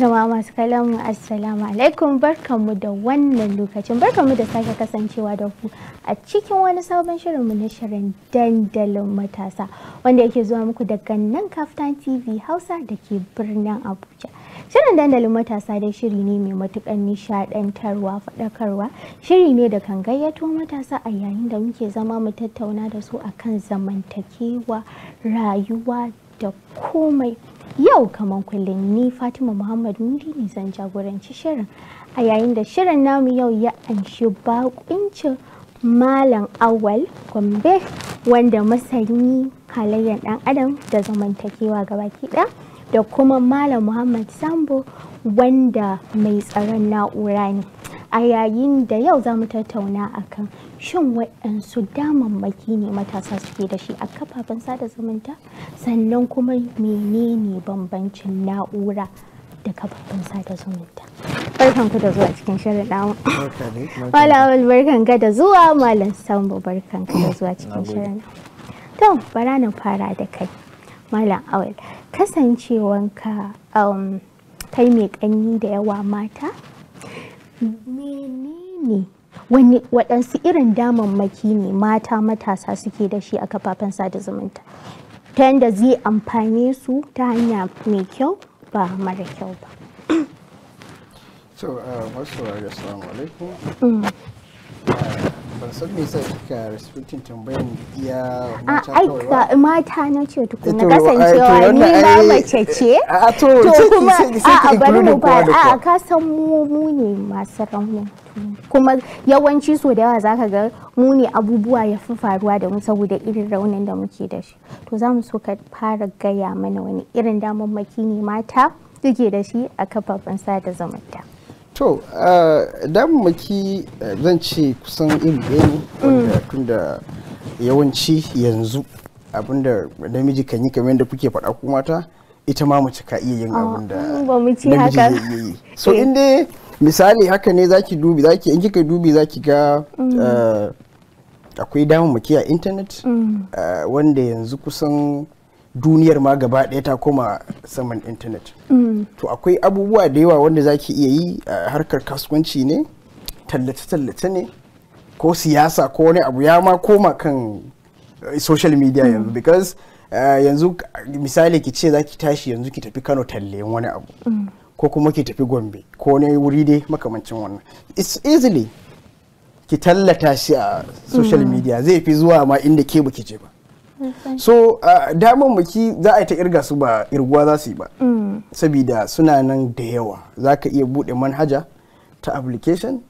jama'a masu kalamu assalamu alaikum barkanmu da wannan lokacin barkanmu da sake kasancewa da ku a cikin wani sabon shirinmu na shirin dandalin matasa wanda yake zuwa muku da nan Kaftan TV Hausa da ke birnin Abuja. Shirin dandalin matasa dai shiri ne mai matukan nishadantarwa faɗakarwa shiri ne da kan gayyato matasa a yayin da muke zama mu tattauna da su akan zamantakewa rayuwa da komai. Yau kaman kullum ni Fatima Muhammad Nuri ne zan jagoranci shirin. A yayin da shirin namu yau ya anshi bakuncin Malam Awal Gombe wanda masani halayyar ɗan adam da zamantakewa gaba kiɗa, da kuma Malam Muhammad Sambo wanda mai tsaron na'ura ne. A yayin da yau za mu tattauna akan shin waɗansu damammaki ne matasa suke da shi a kafafen sada zumunta sannan kuma menene bambancin na'ura da kafafen sada zumunta barkan ku da zuwa cikin shirin namu malam barkan ka da zuwa malam sambo barkan ka da zuwa cikin shirin to bara na fara da kai malam awal kasancewanka um, kai mai kanyi da yawa mata menene wani waɗansu irin damammaki ne mata matasa suke da shi a kafafen sada zumunta ta yadda zai amfane su ta hanya mai kyau ba mara kyau ba so uh, masu alaikum mm. uh, ban san me yasa kika respecting tambayan iya ah, mata kawai ba ai mata na ce na kasancewa ni ma mace ce ah, to kuma a bari mu ba a ka san mu mu ne masu ramu kuma yawanci so da yawa zaka ga mu ne abubuwa ya fi faruwa da mu saboda irin raunin da muke da shi to za mu so ka fara gaya mana wani irin damammaki ne mata suke da shi a kafafen sada zumunta to eh, maki eh, zan ce kusan iri ɗaya ne wanda mm. tun da yawanci yanzu abinda namiji kan yi kamar yadda kuke faɗa ku mata ita ma mace ka iya yin ah, abin da mm, namiji ya yi so eh. in dai misali haka ne zaki dubi zaki in kika dubi zaki ga mm. akwai maki a intanet wanda yanzu kusan duniyar ma gaba ɗaya ta koma saman intanet to akwai abubuwa da yawa wanda za ki iya yi a harkar kasuwanci ne tallace-tallace ne ko siyasa ko wani abu ya ma koma kan eh, social media mm. yanzu because eh, yanzu misali ki ce za ki tashi yanzu ki tafi kano talle wani abu mm. ko kuma ki tafi gombe ko wani wuri dai makamancin wannan it's easily ki tallata shi a social mm. media zai fi zuwa ma inda ke baki je ba so daman muki za a yi ta irga su ba irguwa za su yi ba sabida suna nan da yawa za ka iya bude manhaja ta application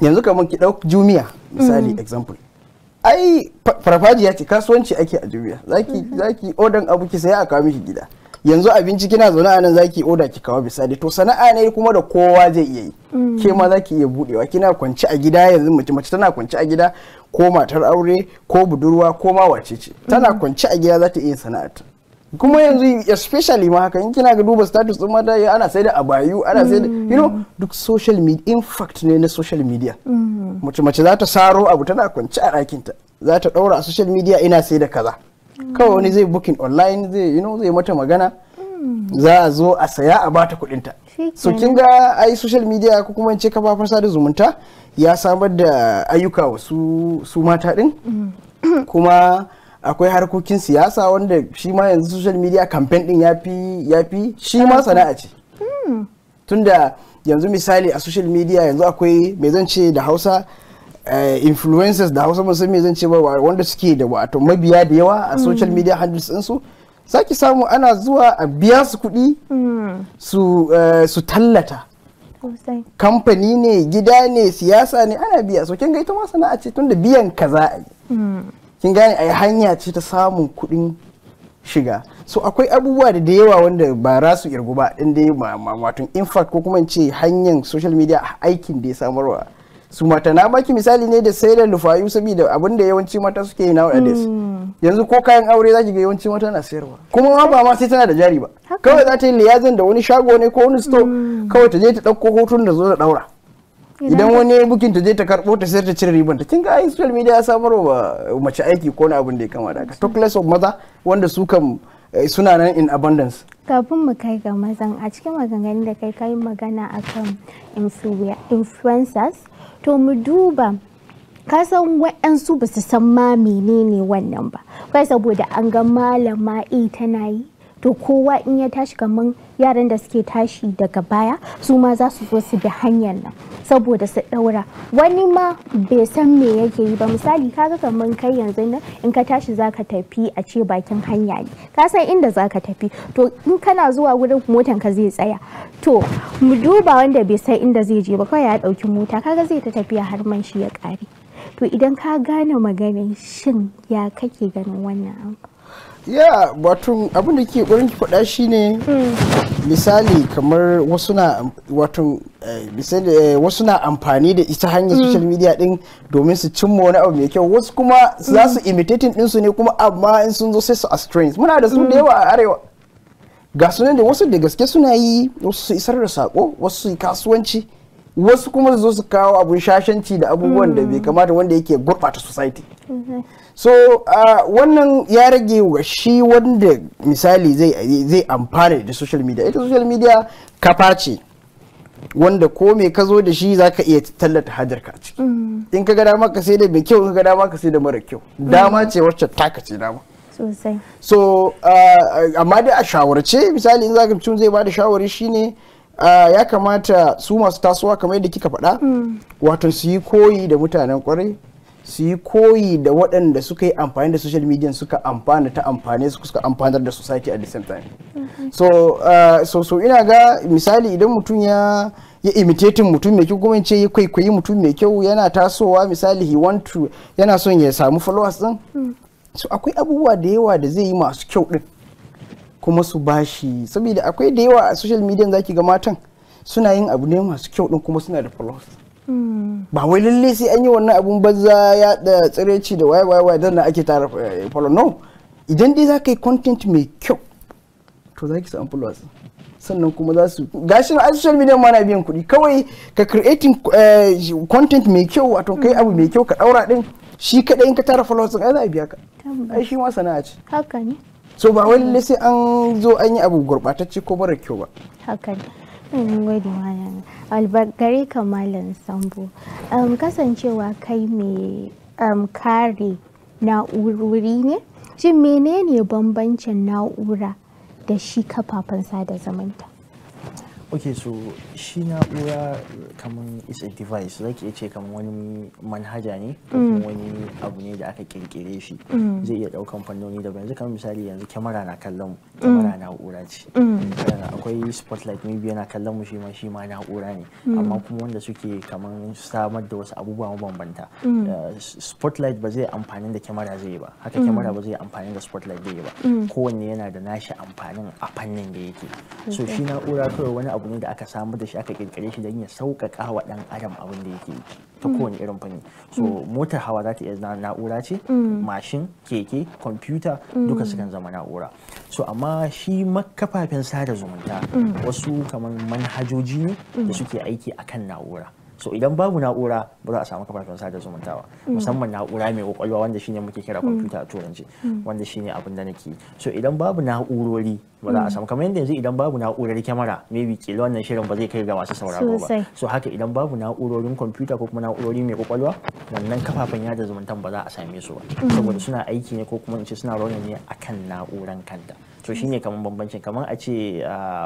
yanzu kamar ki ɗauk jumiya misali mm. example ai farfajiya ce kasuwanci ake a jumiya mm-hmm. za ki odan abu ki saya a kawo miki gida yanzu abinci kina zaune a nan zaki oda ki kawo misali to sana'a ne kuma da kowa zai iya yi mm. ke ma zaki iya budewa kina kwanci a gida yanzu mace mace tana kwanci a gida ko matar aure ko budurwa ko ma wace ce tana mhm. kwance a gida za ta iya sana'ata kuma yanzu especially ma haka in kina ga duba status din mata ana sai da abayu ana sai mm. you know duk social media fact ne na social media mm. mace mace za ta saro abu tana kwance a ta za ta daura a social media ina sai da kaza kawai wani zai booking online zai you know zai mata magana mm. za a zo a saya a bata ta so kin ga ai social media ko kuma in ce kafafen sada zumunta ya samar da ayyuka wasu su mata din mm. kuma akwai harkokin siyasa wanda shi ma yanzu social media campaign din ya fi ya shi ma sana'a ce mm. tunda yanzu misali a social media yanzu akwai mai zance da hausa Uh, influencers da hausa musu me zan ba wanda suke da wato mabiya da yawa a social mm. media handles su saki samu ana zuwa a biya su kuɗi eh, su tallata kamfani ne gida ne siyasa ne ana biya so kin ga ita ma sana'a ce tunda biyan kaza za a yi hmm. kin gane ai hanya ce ta samun kuɗin shiga so akwai abubuwa da da yawa wanda ba ra su irgu ba din dai wato in fact ko kuma in ce hanyar social media aikin da ya samarwa su mata na baki misali ne da sai da lufayu saboda abin da yawanci mata suke yi na wadades hmm. yanzu ko kayan aure za ki ga yawanci mata na sayarwa kuma ma ba ma sai tana da jari ba kawai za ta yi liyazin da wani shago ne ko wani store hmm. kawai ta je ta dauko hoton da zo ta ɗaura idan wani bukin ta je ta karbo ta sayar ta cire ribar ta kinga ai social media ya samar wa mace aiki ko na abin da ya kama da talk of maza wanda su kan eh, suna nan in abundance kafin mu kai ga mazan a cikin maganganun da kai kai magana akan influencers to mu duba ka san waɗansu ba su san ma menene wannan ba kai saboda an ga malama e tana yi to kowa in ya tashi kamar yaran da suke tashi daga baya su ma za su zo su bi hanyar nan saboda su ɗaura wani ma bai san me yake yi ba misali kaga kamar kai yanzu nan in ka tashi zaka tafi a ce bakin hanya ne ka san inda zaka tafi to in kana zuwa wurin motan ka zai tsaya to mu duba wanda bai san inda zai je ba kawai ya ɗauki mota kaga zai ta tafiya har man shi ya kare to idan ka gane maganin shin ya kake ganin wannan abu ya wato abin da ke ƙwarin ki faɗa shine misali kamar wasu na eh, eh, amfani da ita hanyar mm. social media din domin su cimma wani abu mai kyau wasu kuma mm. za su imitating din ne kuma amma in sun zo sai su a strength muna da su da mm. yawa a arewa ga sunan da wasu da gaske suna yi wasu su isar da sako wasu su yi kasuwanci wasu kuma su zo su kawo abun shashanci da abubuwan da bai mm. kamata wanda yake gurɓata society mm-hmm. so wannan ya rage wa shi wanda misali zai amfana da social media ita social media kafa ce wanda ko me ka zo da shi zaka iya tallata hajarka ka ciki mm. in ka ga dama ka sai da mai kyau in ka dama ka sai da mara kyau mm. dama ce wacce taka ce dama sosai so amma dai a shawarce misali in zaka mutum zai ba da shawari shine Uh, ya kamata su masu tasowa kamar yadda kika faɗa mm. wato su yi koyi da mutanen kwarai su yi koyi da waɗanda suka yi amfani da social media suka amfana ta amfani su suka amfanar da society at the same time mm -hmm. so, uh, so so ina ga misali idan mutum ya ya imitating mutum mai kyau kuma ce ya kwaikwayi mutum mai kyau yana tasowa misali he want to yana son ya samu followers din mm. so akwai abubuwa da yawa da zai yi masu kyau din kuma su bashi saboda akwai da yawa a social media zaki ga matan suna yin abu ne masu kyau din kuma suna da followers ba wai lalle sai an yi wannan abun banza ya da tsireci da waya waya dan ake tara eh, follow no idan dai za ka yi content mai kyau to za ki samu followers sannan kuma za su gashin a social media ma na biyan kuɗi kawai ka creating eh, content mai kyau wato kai abu mai kyau ka daura din shi kadai in ka tara followers ai za a biya ka ai shi ma sana'a ce haka ne so ba wani ne mm. sai an zo an yi abu gurɓatacce ko mara kyau ba hakan mm, mun malam albagare sambo kasancewa kai mai kare na'urori ne shin menene bambancin na'ura da shi kafafen sada zamanta. ok so shi na'ura kamar is a device zaki ce kamar wani manhaja ne mm. wani abu ne da aka kirkire shi mm. zai iya daukan fannoni daban yanzu kamar misali yanzu kyamara na kallon mu mm. kyamara na'ura ce akwai spotlight maybe yana kallon mu shi ma shi ma na'ura ne amma kuma wanda suke kamar samar da wasu abubuwa mabambanta eh, spotlight ba zai amfani da kyamara zai ba haka kyamara ba zai amfani da spotlight zai ba kowanne yana da nashi amfanin a fannin da yake so shi na'ura kawai wani abu abu ne da aka samu da shi aka kirkire shi don ya sauƙaƙa wa ɗan adam abin da yake ta mm. kowane irin fanni so mm. motar hawa za ta iya zama na'ura ce mm. mashin keke kwamfuta duka sukan zama na'ura so amma shi makafafen sada zumunta wasu kamar manhajoji ne da suke aiki akan na'ura so idan babu na'ura ba za a samu kafafen sada zumunta ba mm. musamman na'ura mai kwakwalwa wanda shine muke kira mm. kwamfuta a turanci mm. wanda shine abin da nake so idan babu na'urori ba za a samu kamar yadda yanzu idan babu na'urar kyamara maybe kila wannan shirin ba zai kai ga masu sauraro ba so haka idan babu na'urorin kwamfuta ko kuma na'urori mai kwakwalwa wannan kafafen yada zumuntan ba za a same su ba saboda suna aiki ne ko kuma in ce suna rauni ne akan na'uran kanta to shine kamar bambancin kamar a ce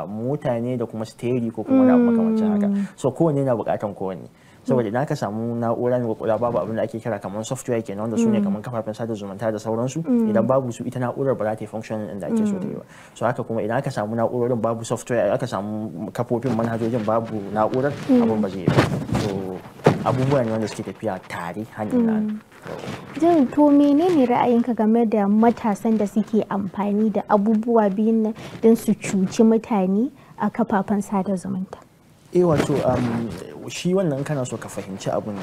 mutane da kuma steri ko kuma wani abu mm. makamancin haka so kowanne na bukatan kowanne saboda idan ka samu na'ura ne kwakwalwa babu abin da ake kira kamar software kenan wanda su ne mm. kamar kafafen sada zumunta da sauransu mm. idan babu su ita na'urar ba za ta yi function inda ake so ta yi ba so haka kuma idan aka samu na'urorin babu software aka samu kafofin manhajojin babu na'urar abin ba zai yi ba abubuwa ne wanda suke tafiya tare hannun mm. jin to menene ra'ayinka game da matasan da suke amfani da abubuwa biyun nan don su cuci mutane a kafafen sada zumunta eh wato um, shi wannan kana so ka fahimci abun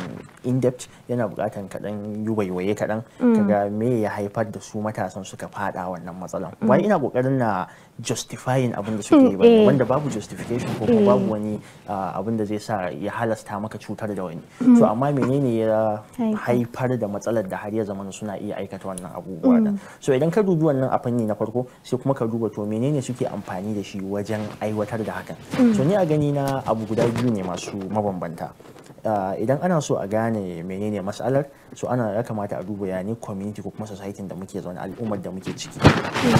in depth yana bukatan kaɗan yi waiwaye kaɗan kaga mm. me ya haifar da su matasan suka faɗa wannan matsalan mm. wai ina kokarin na justifying abin da suke yi mm, eh. wanda babu justification ko kuma babu eh. wani ah, abin da zai sa ya halasta maka cutar da wani so amma menene ya haifar da matsalar da har ya zamana suna iya aikata wannan abubuwa da so idan ka dubi wannan a fanni na farko sai kuma ka duba to menene suke amfani da shi wajen aiwatar da hakan so ni a gani na abu guda biyu ne masu mabambanta mabambanta ah, idan ana so a gane menene matsalar so ana ya kamata a duba ya ne community ko kuma society da muke zaune al'ummar da muke ciki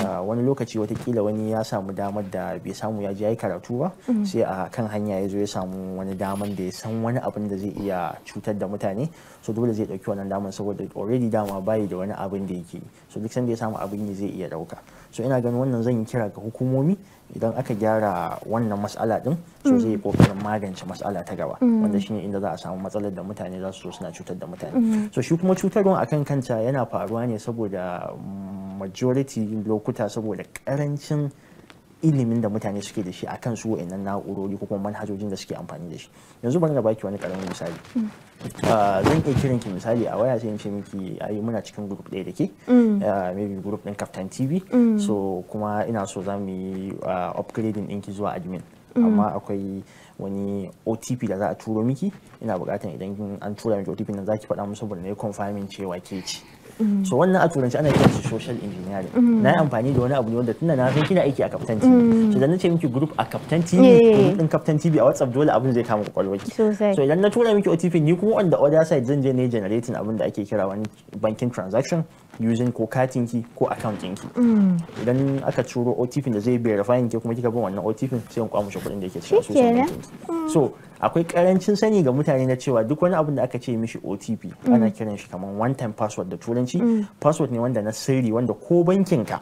ah, wani lokaci watakila wani ya samu damar da bai samu ya ji ya yi karatu ba mm-hmm. sai a kan hanya ya zo ya samu wani damar da ya san wani abin da zai iya cutar da mutane so dole zai ɗauki wannan damar saboda already dama bayi da wani abin da yake so duk sanda ya samu abin ne zai iya ɗauka so ina ganin wannan zan yi kira ga hukumomi idan aka gyara wannan matsala din so mm. zai yi kokarin magance matsala ta gaba mm. wanda shine inda za a samu matsalar da mutane za su so suna cutar da mutane mm. so shi kuma cutarwa akan kanta yana faruwa ne saboda majority lokuta saboda karancin ilimin da mutane suke da shi a kan su wa'annan na'urori ko kuma manhajojin da suke amfani da shi yanzu bari na baki wani karamin misali hmm. ah, zan iya kiran ki misali a waya sai in ce miki ai muna cikin group ɗaya da ke hmm. ah, maybe group ɗin Captain TV hmm. so kuma ina so za mu yi ah, upgrading ɗinki zuwa admin amma akwai wani otp da za a turo miki ina bukatan idan an tura miki otp nan zaki faɗa musu saboda ne confirming cewa ke ci so wannan a turanci ana kiran shi social engineering mm. na yi amfani da wani abu ne wanda tunda na san kina aiki a captain tv mm. so idan na ce miki group a captain tv group din captain tv a whatsapp dole abin zai kama ki so idan na tura miki otp ni kuma on the other side zan je ne generating abin da ake kira wani banking transaction using ko katin ki ko account ki mm. idan aka turo OTP da zai verify ki kuma kika bin wannan OTP sai in kwamushe kuɗin da yake cikin asusun mm. so akwai karancin sani ga mutane na cewa duk wani abin da aka ce mishi OTP mm. ana kiran shi kamar one time password da turanci password ne wanda na sirri wanda ko bankin ka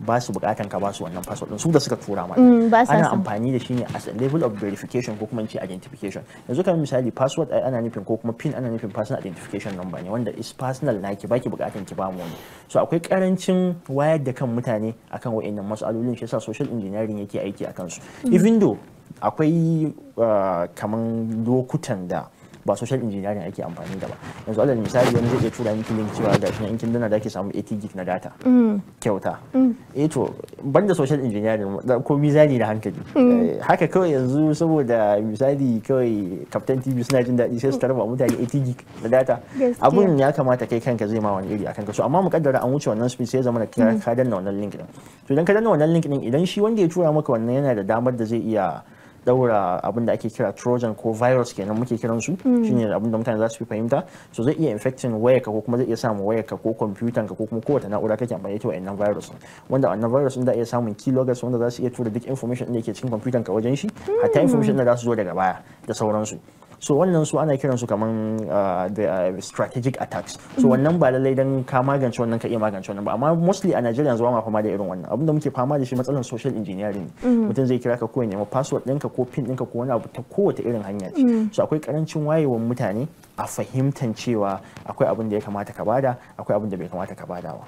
ba su bukatan ka ba su wannan password din su da suka tura ma mm, ana amfani da shi ne as a level of verification ko kuma ce identification yanzu kamar misali password ana nufin ko kuma pin ana nufin personal identification number ne wanda is personal naki baki bukatan ki ba mu wani so akwai karancin wayar da kan mutane akan wa'annan matsalolin shi yasa social engineering yake aiki akan su mm. even though akwai ah, kaman lokutan da ba social engineering ake amfani da ba yanzu alal misali wani zai iya tura miki link cewa ga shi in kin dana zaki samu 80 gig na data mm. kyauta mm. eh to ban da social engineering ko mizani da hankali mm. eh, haka kawai yanzu saboda misali kawai captain tv suna jin daɗi sai su tarba mutane 80 gig na data abun ya kamata kai kanka zai ma wani iri a kanka so amma mu kaddara an wuce wannan speed sai zama da ka danna wannan link din to idan ka danna wannan link din idan shi wanda ya tura maka wannan yana da damar da zai iya daura abin da ake kira trojan ko virus kenan muke kiran su hmm. shine abin da mutane za su fi fahimta so zai iya infecting ka ko kuma zai iya samun ka ko computer ka ko kuma kowace na'ura kake amfani da wannan virus wanda wannan virus din da iya samun kilogas wanda za su iya tura duk information din da yake cikin computer ka wajen shi hatta hmm. information da za su zo daga baya da sauransu so wannan su ana kiransu kaman da ah, ah, strategic attacks so mm-hmm. wannan ba lallai dan ka magance wannan ka iya magance wannan ba amma mostly a Najeriya yanzu ba ma fama da irin wannan abinda muke fama da shi matsalan social engineering mm-hmm. mutum zai kira ka ko ya nemi password ɗinka ko pin ɗinka ko wani abu ta kowace irin hanya ce mm-hmm. so akwai karancin wayewar mutane a fahimtan cewa akwai abin da ya kamata ka bada akwai abin da bai kamata ka badawa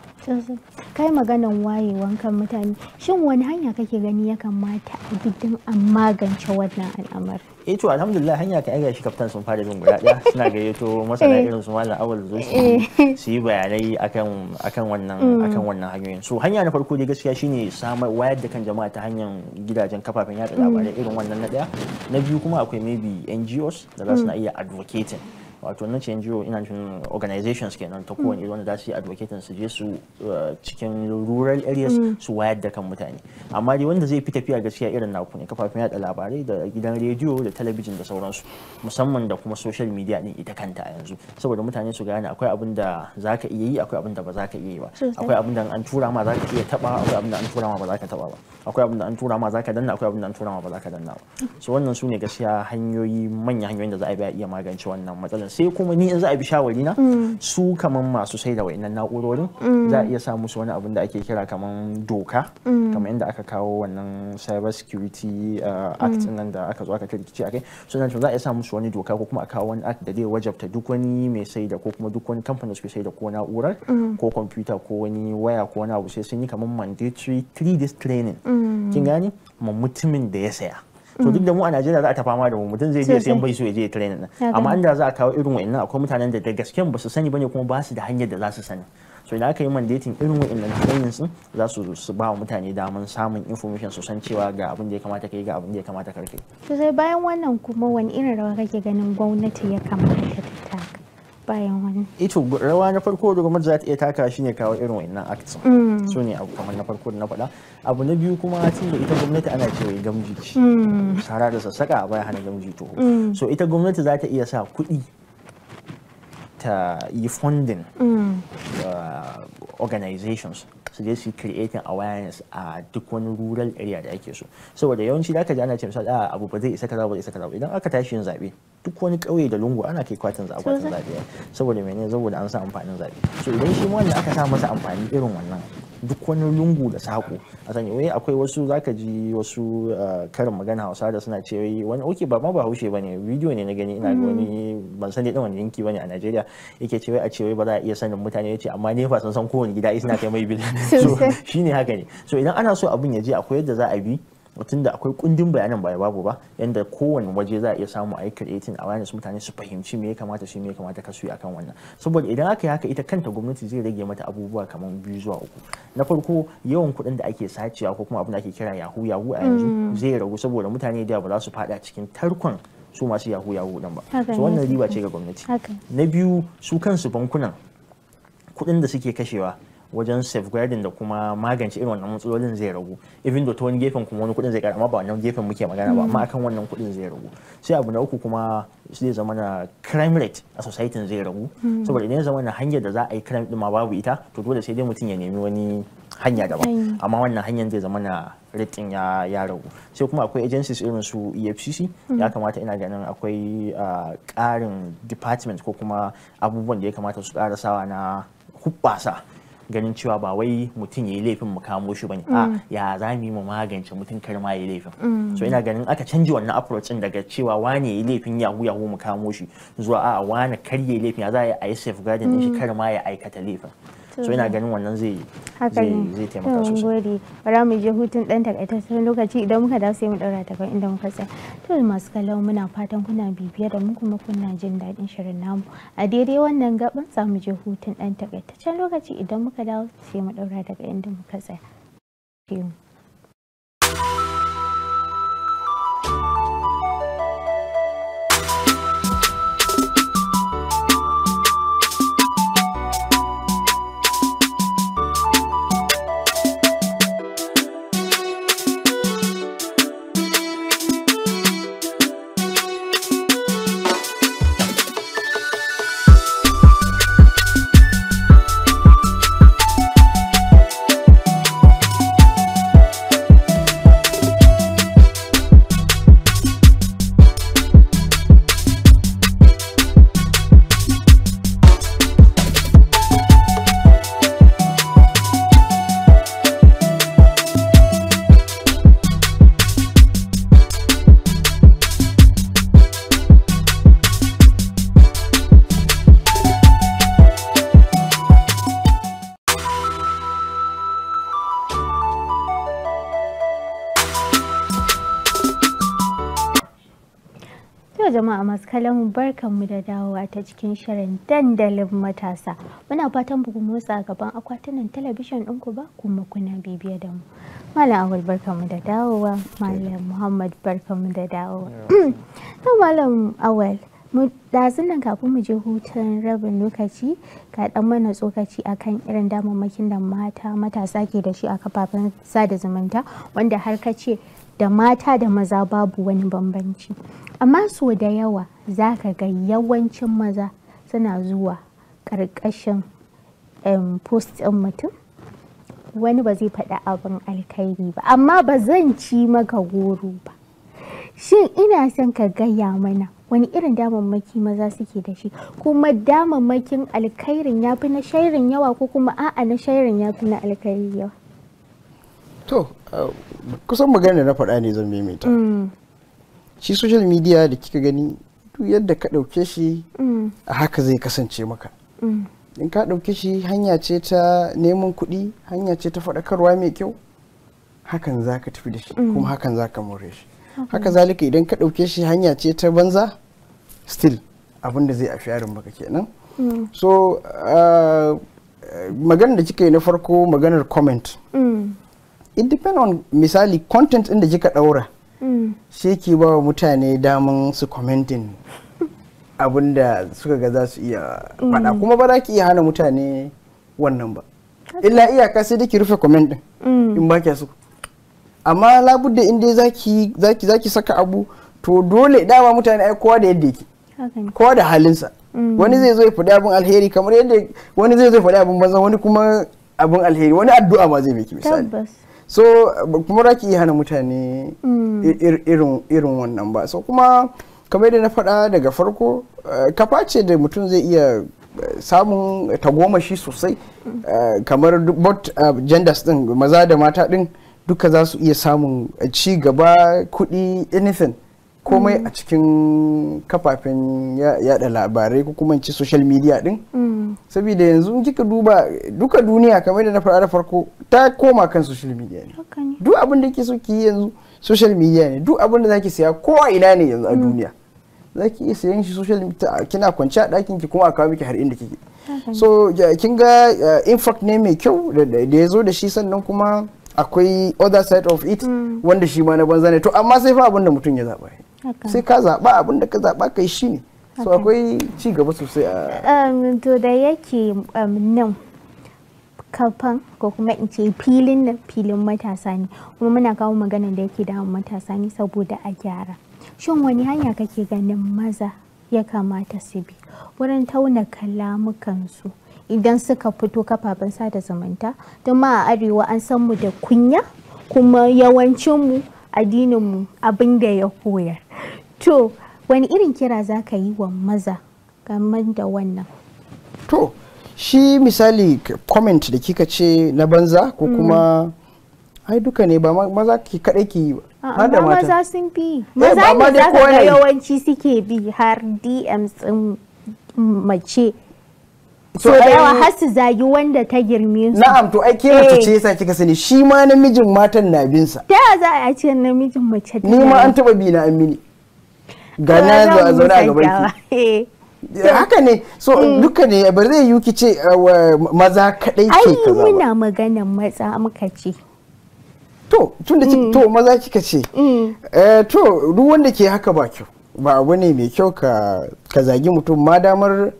kai maganan wayewan kan mutane shin wani hanya kake gani ya kamata a bidin a magance wannan al'amari eh to alhamdulillah hanya ka aiga shi kaftan sun fara jin guda daya suna gayyato masana eh. irin su malam awal zo eh. su yi bayanai akan akan wannan mm. akan wannan hanyoyin so hanya na farko dai gaskiya shine samar wayar da kan jama'a ta hanyar gidajen kafafen yada labarai mm. irin wannan na daya na biyu kuma akwai maybe NGOs da za su na mm. iya advocating wato nan ce NGO ina cikin organizations kenan ta mm. kowane wanda za su yi advocating su je su uh, cikin rural areas mm. su wayar da kan mutane amma dai wanda zai fi tafiya gaskiya irin naku ne kafafen yada labarai da gidan rediyo da talabijin da sauransu musamman da kuma social media din ita kanta yanzu saboda mutane su gane akwai abin da za ka iya yi akwai abin da ba za ka iya yi ba akwai abin da an tura ma za ka iya taba akwai abin da an tura ma ba za ka taba ba akwai abin da an tura ma za ka danna akwai abin da an tura ma ba za ka danna ba so wannan su ne gaskiya hanyoyi manyan hanyoyin da za a iya magance wannan matsalar sai kuma ni in za a bi shawari na mm. su kaman masu sai da wayannan na'urorin mm. za a iya sa musu wani abin da ake kira kaman doka mm. kamar yadda aka kawo wannan cyber security uh, act nan da aka zo aka kirkice akai sunan za a iya sa musu wani doka ko kuma a kawo wani act da zai wajabta duk wani mai sai da ko kuma duk wani kamfanin su sai da ko na'urar ko kwamfuta ko wani waya ko wani abu sai sun yi kaman mandatory 3 days training kin gane ma mutumin da ya saya to duk mm. da mu a Najeriya za a ta fama da mu mutum zai je sayan bai so ya je training nan amma inda za a kawo irin wayannan akwai mutanen da gasken ba su sani bane kuma ba su da hanyar da za su sani so idan aka yi mandating irin wayannan trainings din za su su ba mutane daman samun information su san cewa ga abin da ya kamata kai ga abin da ya kamata karkai to sai bayan wannan kuma wani irin rawa kake ganin gwamnati ya kamata ta bayan wani. Ito eh rawa na farko da gwamnati za ta iya taka shi ne kawo irin wannan acts. Mm. Su ne abu kamar na farko da na faɗa. Abu na biyu kuma tun da ita gwamnati ana cewa gamji ce. Mm. Sara da sassaka a baya hana gamji to. Mm. So ita gwamnati za ta iya sa kuɗi ta yi funding organizations su je su creating awareness a duk wani rural area da ake so saboda yawanci da ka ji ana ce a ah, abu ba zai isa kaza ba zai isa kaza idan aka tashi yin zaɓe duk wani ƙauye da lungu ana kai kwatin kwatin zabe saboda menene saboda an sa amfanin zabe so idan shi wanda aka sa masa amfani irin wannan duk wani lungu da sako a sanya wai akwai wasu zaka ji wasu ah, karin magana hausa da suna ce wani oke ba ma ba haushe bane bidiyo ne na gani ina da wani mm. ban san dai wani yanki bane a Najeriya yake ce wai a ce wai ba za a iya sanin mutane yace amma ne fa sun san kowane gida suna kai mai bil so shine haka ne so idan ana so abin ya je akwai yadda za a bi mutum da akwai kundin bayanan baya babu ba yanda kowane waje za a iya samu a yi creating awareness mutane su fahimci me ya kamata shi me ya kamata kasu kan wannan saboda idan aka yi haka ita kanta gwamnati zai rage mata abubuwa kamar biyu zuwa uku na farko yawan kuɗin da ake sacewa ko kuma abin da ake kira yahu yahu a yanzu mm. zai ragu saboda mutane da ba za su fada cikin tarkon su masu yahu yahu din ba so wannan riba ce ga gwamnati na biyu su kansu bankunan kuɗin da suke kashewa wajen safeguarding da kuma magance irin wannan matsalolin zai ragu even do ta wani gefen kuma wani kudin zai kara amma ba wannan gefen muke magana ba amma hmm. akan wannan kudin zai ragu sai abu na uku kuma zai zama na crime rate a society zai ragu hmm. saboda idan ya zama na hanyar da za a yi crime din ma babu ita to dole sai dai mutum ya nemi wani hanya daban hmm. amma wannan hanyar zai zama na rating ya ya ragu sai kuma akwai agencies irin su EFCC ya kamata ina ganin akwai ƙarin department ko kuma abubuwan da ya kamata su ƙara sawa na hubbasa ganin cewa ba wai mutum ya yi laifin mu kamo shi bane mm. a ya za mu yi mu magance mutum kar ma ya yi laifin mm. so ina ganin aka canji wannan approach din daga cewa wani ya yi laifin yahu yahu mu kamo shi zuwa a wani kar ya yi laifin ya za a yi safeguarding din shi mm. kar ma ya aikata laifin so ina ganin wannan zai zai taimaka sosai gode bara mu je hutun dan takaitaccen lokaci idan muka dawo sai mu daura ta kan inda muka tsaya to masu kallon muna fatan kuna bibiya da mu kuma kuna jin daɗin shirin namu a daidai wannan gaban za mu je hutun dan takaitaccen lokaci idan muka dawo sai mu daura daga inda muka tsaya kallon barkanmu da dawowa ta cikin shirin dandalin matasa. Muna fatan bugu motsa gaban akwatunan talabishin ɗinku ba kuma kuna bibiya da mu. Malam Awul barkanmu da dawowa, Malam Muhammad barkanmu da dawowa. To Malam Awul, ɗazun nan kafin mu je hutun rabin lokaci ka dan mana tsokaci akan irin damammakin da mata matasa ke da shi a kafafen sada zumunta wanda har ka ce da mata da maza babu wani bambanci amma so da yawa za ka ga yawancin maza suna zuwa ƙarƙashin post ɗin mutum wani ba zai faɗi abin alkhairi ba amma ba zan ci maka goro ba shin ina son ka gaya mana wani irin damammaki maza suke da shi kuma damammakin alkhairin ya fi na shairin yawa ko kuma a'a na shairin ya fi na alkhairi yawa to kusan magana da na faɗa ne zan maimaita mm. shi social media da kika gani duk yadda ka ɗauke shi mm. a haka zai kasance maka mm. in ka ɗauke shi hanya ce ta neman kuɗi hanya ce ta faɗakarwa mai kyau hakan za ka tafi da shi kuma hakan za ka more shi haka zalika idan ka ɗauke shi hanya ce ta banza still abin da zai a fiyarin maka kenan so ah, maganar da kika yi na farko maganar comment it depend on misali content ɗin da kika ɗaura mm. shi ke ba mutane daman su commenting abin da suka ga za su iya faɗa mm. kuma ba za ki iya hana mutane wannan ba illa iyaka sai da ki rufe comment ɗin mm. in ba ki so amma labudda in dai zaki zaki zaki saka abu to dole dama mutane ai kowa da yadda yake kowa da halinsa wani zai zo ya faɗi abin alheri kamar yadda wani zai zo ya faɗi abin banza wani kuma abin alheri wani addu'a ma zai miki misali so kuma za ki iya hana mutane mm. irin wannan ba so kuma kamar da na faɗa daga farko eh, kafa ce da mutum zai iya eh, samun tagomashi sosai eh, kamar bot genders din maza da mata din duka za su iya samun ci gaba kuɗi anything komai mm. a cikin kafafen yada labarai ko kuma ci social media din mm. saboda yanzu in kika duba duka duniya kamar da na fara farko ta koma kan social media ne duk abin da kike so ki yanzu social media ne duk abin da zaki siya ko a ina ne yanzu a mm. duniya zaki iya siyan shi social media kina kwance a dakin ki kuma a kawo miki har inda kike so kin ga infact ne mai kyau da ya zo da shi sannan kuma akwai other side of it wanda shi ma na banza ne to amma sai fa abin da mutum ya zaɓa sai ka zaɓa abin ka zaɓa kai shi ne so akwai ci gaba sosai a to da yake nan kafan ko kuma in ce filin na filin matasa ne kuma muna kawo magana da yake damun matasa ne saboda a gyara shin wani hanya kake ganin maza ya kamata su bi wurin tauna kalamukansu idan suka fito kafafen sada zumunta don ma a arewa an san mu da kunya kuma yawancinmu addininmu abin da ya koyar to wani irin kira za ka yi wa maza game da wannan to shi misali comment da kika ce na banza ko mm. kuma ai duka ne ba maza ki kadai ki yi ba mata maza sun fi eh, maza ne za ka ga yawanci suke bi har dm din mace so da yawa har su zagi wanda ta girme su na'am to ai kira ta ce eh. yasa kika sani shi ma namijin matan na binsa. ta za a ce namijin mace ni ma an taba bi na amini ga a zaune a gaban ki eh. haka ne so mm. duka ne bari zai yi ki ce maza kadai ce kaza ba ai muna maganan maza muka ce to tun da mm. to maza kika ce mm. eh, to duk wanda ke haka ba kyau ba abu ne mai kyau ka zagi mutum ma damar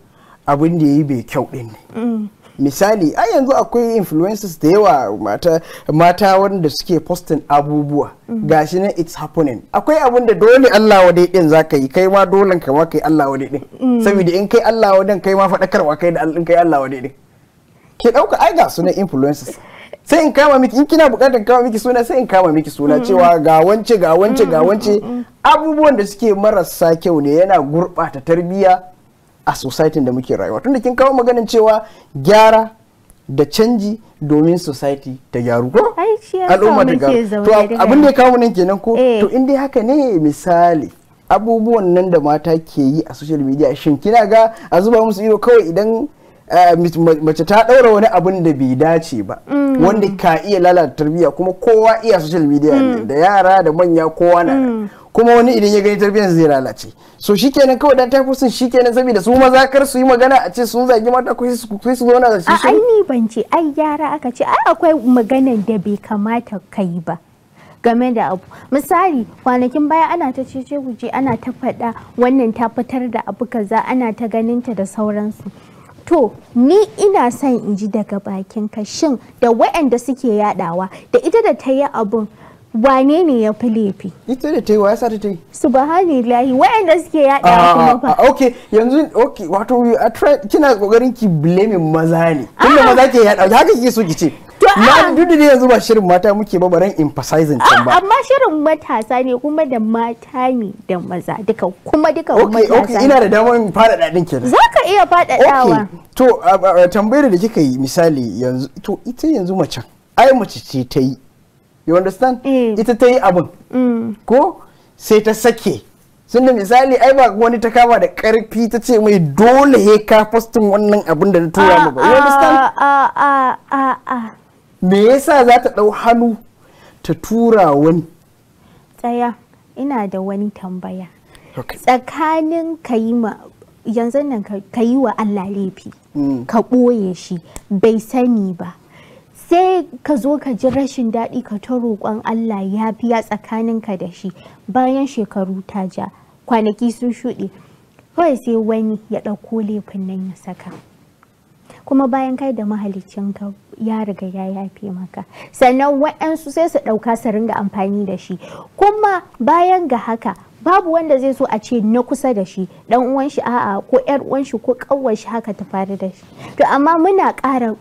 abin da ya yi bai kyau din ne misali a yanzu akwai influencers da yawa mata mata wanda suke postin abubuwa mhm. gashi nan it's happening akwai abun da dole Allah wadai din zaka yi kai ma dole ka ma kai Allah wadai din mm. saboda in kai Allah wadai kai ma fadakarwa kai da in kai Allah wadai din ke dauka ai ga sunan influencers sai in kama miki in kina bukatar kama miki suna sai in kama miki suna mm. cewa ga wance ga wance ga mm, wance abubuwan da suke marasa kyau ne yana gurɓata tarbiyya a society da muke rayuwa tunda kin kawo maganin cewa gyara da canji domin society ta gyaru ko al'umma ta gyaru to abin da ya kawo nan kenan ko eh. to in dai haka ne misali abubuwan nan da mata ke yi a social media shin kina ga a zuba musu ido kawai idan eh, mace ta ɗaura wani abun da bai dace ba mm. wanda ka iya lalata tarbiyya kuma kowa iya social media mm. da yara da manya kowa na mm. kuma wani idan ya gani tarbiyyar zai lalace so shikenan kawai dan tafi sun shikenan saboda su maza kar su yi magana a ce sun zagi mata ko su kai su zauna da shi ai ni ban ce ai yara aka ce ai akwai maganar da bai kamata kai ba game da abu misali kwanakin baya ana ta cece guje ana ta faɗa wannan ta fitar da abu kaza ana ta ganinta da sauransu to ni ina son in ji daga bakin ka shin da waɗanda suke yadawa da ita da ta yi abun wane ne ya fi laifi ita da ta yi wa ya sa ta yi subhanallahi wayanda suke yaɗa kuma fa okay yanzu okay wato kina kokarin ki blaming maza ne ah! tunda maza ke yada haka kike so ki ce na ah! duk da yanzu ba shirin mata muke ba baran emphasizing can ba ah, amma shirin matasa ne kuma da mata ne da maza duka kuma duka matasa okay ina da damar fada dadin kenan ka iya fada dawa to tambayar da kika yi misali yanzu to ita yanzu macen ai mace ce ta yi you understand mm. ita ta yi abin mm. ko sai ta sake sun da misali ai ba wani ta kama da karfi ta ce mai dole he ka postin wannan abin da na tura ah, mu ba you understand ah, ah, me yasa za ta dau hannu ta tura wani tsaya ina da wani tambaya tsakanin ka yi ma yanzu nan ka yi wa Allah laifi mm. ka ɓoye shi bai sani ba sai ka zo ka ji rashin daɗi ka ta roƙon Allah ya biya tsakaninka da shi bayan shekaru ta ja kwanaki sun shuɗe kawai sai wani ya ɗauko laifin nan ya saka kuma bayan kai da ka ya riga ya yafe maka sannan waɗansu sai su ɗauka su ringa amfani da shi kuma bayan ga haka babu wanda zai so a ce na kusa da shi Ɗan uwan shi a'a ko yar uwan shi ko kawwar shi haka ta faru da shi to amma muna ƙara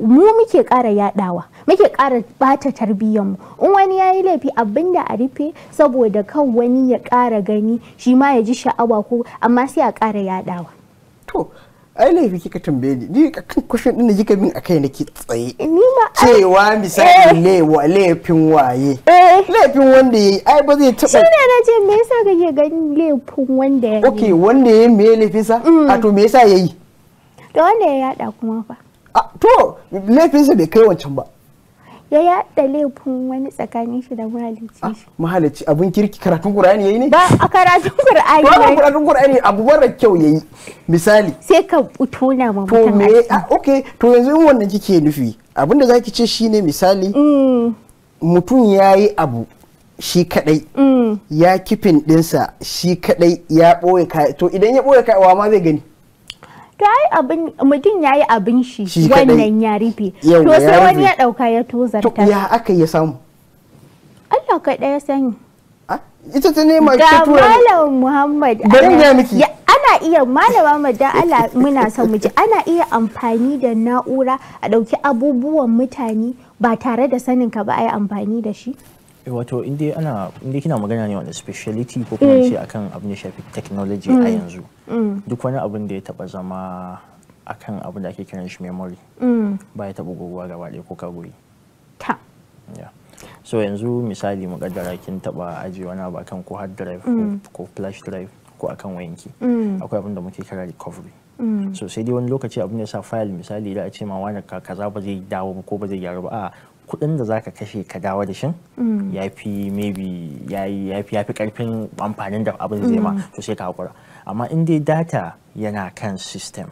mu muke ƙara yadawa muke ƙara bata mu in wani ya yi laifi abin da a rufe saboda kan wani ya ƙara gani shi ma ya ji sha'awa ko amma sai a ƙara yadawa to ai laifi kika tambaye ni ni kan kushin din da kika min akai nake tsaye cewa misali ne eh. wa laifin waye eh. laifin wanda yayi ai ba zai taba shine na ce me yasa kake ganin laifin wanda yayi okay wanda yayi me laifin sa mm. a to me yasa yayi to wanda ya yada kuma fa a to laifinsa bai kai wancan ba ya yaɗa laifin wani tsakanin shi da mahalicci mahalicci abin kirki karatun qur'ani yayi ne ba a karatun qur'ani ba karatun qur'ani abu mara kyau yayi misali sai ka tona ma to me okay to yanzu in wannan kike nufi da zaki ce shine misali mm. mutum yayi abu shi kadai mm. ya kifin dinsa shi kadai ya ɓoye kaya to idan ya ɓoye kaya wa ma zai gani abin mutum ya yi abin shi wannan ya rufe to sai wani ya dauka ya tozarta ya aka ya samu Allah ka daya sani ita ta nema ga malam Muhammad bari ya miki ana iya malama madan Allah muna son mu ji ana iya amfani da na'ura a dauki abubuwan mutane ba tare da sanin ka ba a yi amfani da shi Eh, wato inda ana inda kina magana ne wani speciality ko kuma ce mm. akan abin da shafi technology mm. a yanzu mm. duk wani abin da ya taba zama akan abin da ake kiran shi memory ba ya taba gogowa gaba ɗaya ko kagoyi ta so yanzu misali mu kaddara kin taba ajiye wani abu akan ko hard drive ko flash drive ko akan wayanki akwai abin da muke kira recovery so sai dai wani lokaci abin da ya sa file misali da a ce ma wani kaza ba zai dawo ko ba zai gyaru ba a'a kuɗin da zaka kashe ka dawo da shin mm. ya fi maybe ya fi ya karfin amfanin da abin zai ma mm. to sai ka hakura amma in dai data yana kan system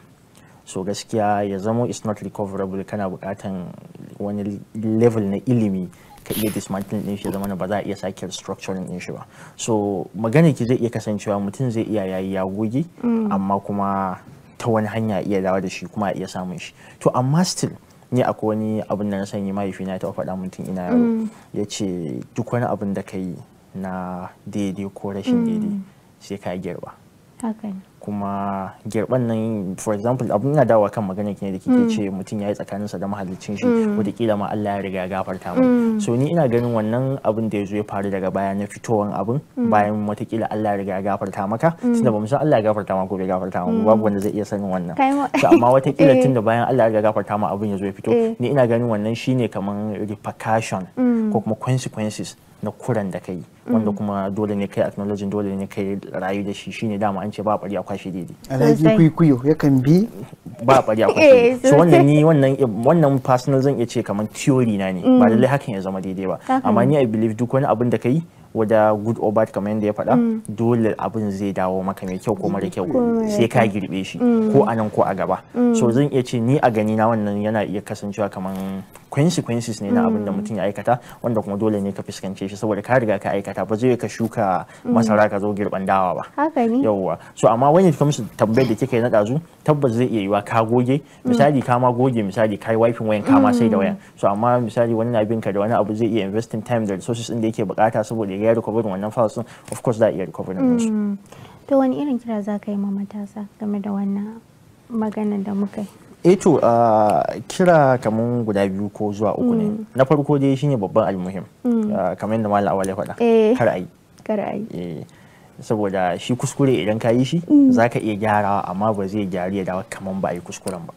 so gaskiya ya zamo is not recoverable kana bukatan wani level na ilimi ka iya dismantling din shi ya zama ba za a iya sake structuring din shi ba so magana ki zai iya kasancewa mutum zai iya yayi ya goge mm. amma kuma ta wani hanya iya dawo da shi kuma a iya samun shi to amma still ni akwai wani abin da na sanya mahaifina ya taɓa faɗa mutum ina yaro mm. ya ce duk wani abin da ka yi na daidai ko rashin daidai mm. sai ka girba kuma girban nan for example abin na dawa kan magana ne da kike mm. ce mutum ya yi tsakaninsa da mahallicin shi kila mm. ma Allah ya riga gafarta mu mm. so ni ina ganin wannan abin da ya zo ya faru daga baya na fitowan abin bayan kila Allah ya riga gafarta maka tunda ba mu san Allah ya gafarta ma ko bai gafarta ma babu wanda zai iya sanin wannan so amma wata tun eh. tunda bayan Allah ya riga gafarta ma abin ya zo ya fito eh. ni ina ganin wannan shine kaman repercussion ko kuma consequences na kuran da kai wanda kuma dole ne kai acknowledging dole ne kai rayu da shi shine dama an ce ba bari a kwashe daidai alhaji kuikuyo yakan bi ba bari a kwashe eh, so wannan ni wannan wannan personal zan iya ce kamar theory na ne ba mm. lallai hakan ya zama daidai ba amma ni i believe duk wani abin da kai wada good or bad kamar yadda ya faɗa mm. dole abin zai dawo maka mai kyau ko mara kyau mm. sai ka girbe shi mm. ko a nan ko a gaba so zan iya ce ni a gani na wannan yana iya kasancewa kamar consequences ne na abin da mutum ya aikata wanda kuma dole ne ka fuskance shi saboda ka riga ka aikata ba zai ka shuka masara ka zo girban dawa ba haka ne yawwa so amma when it comes to tambayar da kika yi na dazu tabbas zai iya yiwa ka goge misali ka ma goge misali kai wifin wayan ka ma sai da wayan so amma misali wani abin ka da wani abu zai iya investing time da resources din da yake bukata saboda ya recoverin wannan files of course za a iya recoverin din mm. to wani irin kira za ka yi ma matasa game da wannan magana da muka yi e to ah, kira kaman guda biyu ko zuwa uku ne mm. na farko dai shine babban almuhim mm. ah, kamar yadda malam awale faɗa eh. kar ayi kar ayi eh, saboda shi kuskure idan ka yi shi za ka iya gyarawa amma ba zai gyaru ya dawo kamar ba a yi kuskuren ba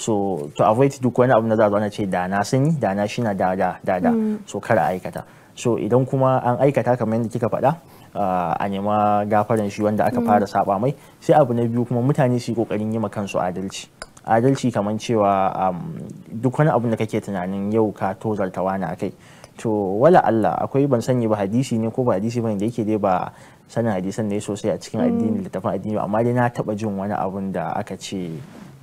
so to avoid duk wani abu na za a ce da na sani da na shi na da da da so kar a aikata so idan kuma an aikata kamar yadda kika faɗa ah, a nema gafaran shi wanda aka mm. fara saba mai sai abu na biyu kuma mutane su yi kokarin yi ma kansu adalci adalci kamar cewa duk wani abu da kake tunanin yau ka tozarta wani a kai to wala Allah akwai ban sanyi ba hadisi ne ko ba hadisi bane da yake dai ba sanin hadisan ne sosai a cikin mm. addini littafin addini amma dai na taba jin wani abun da aka ce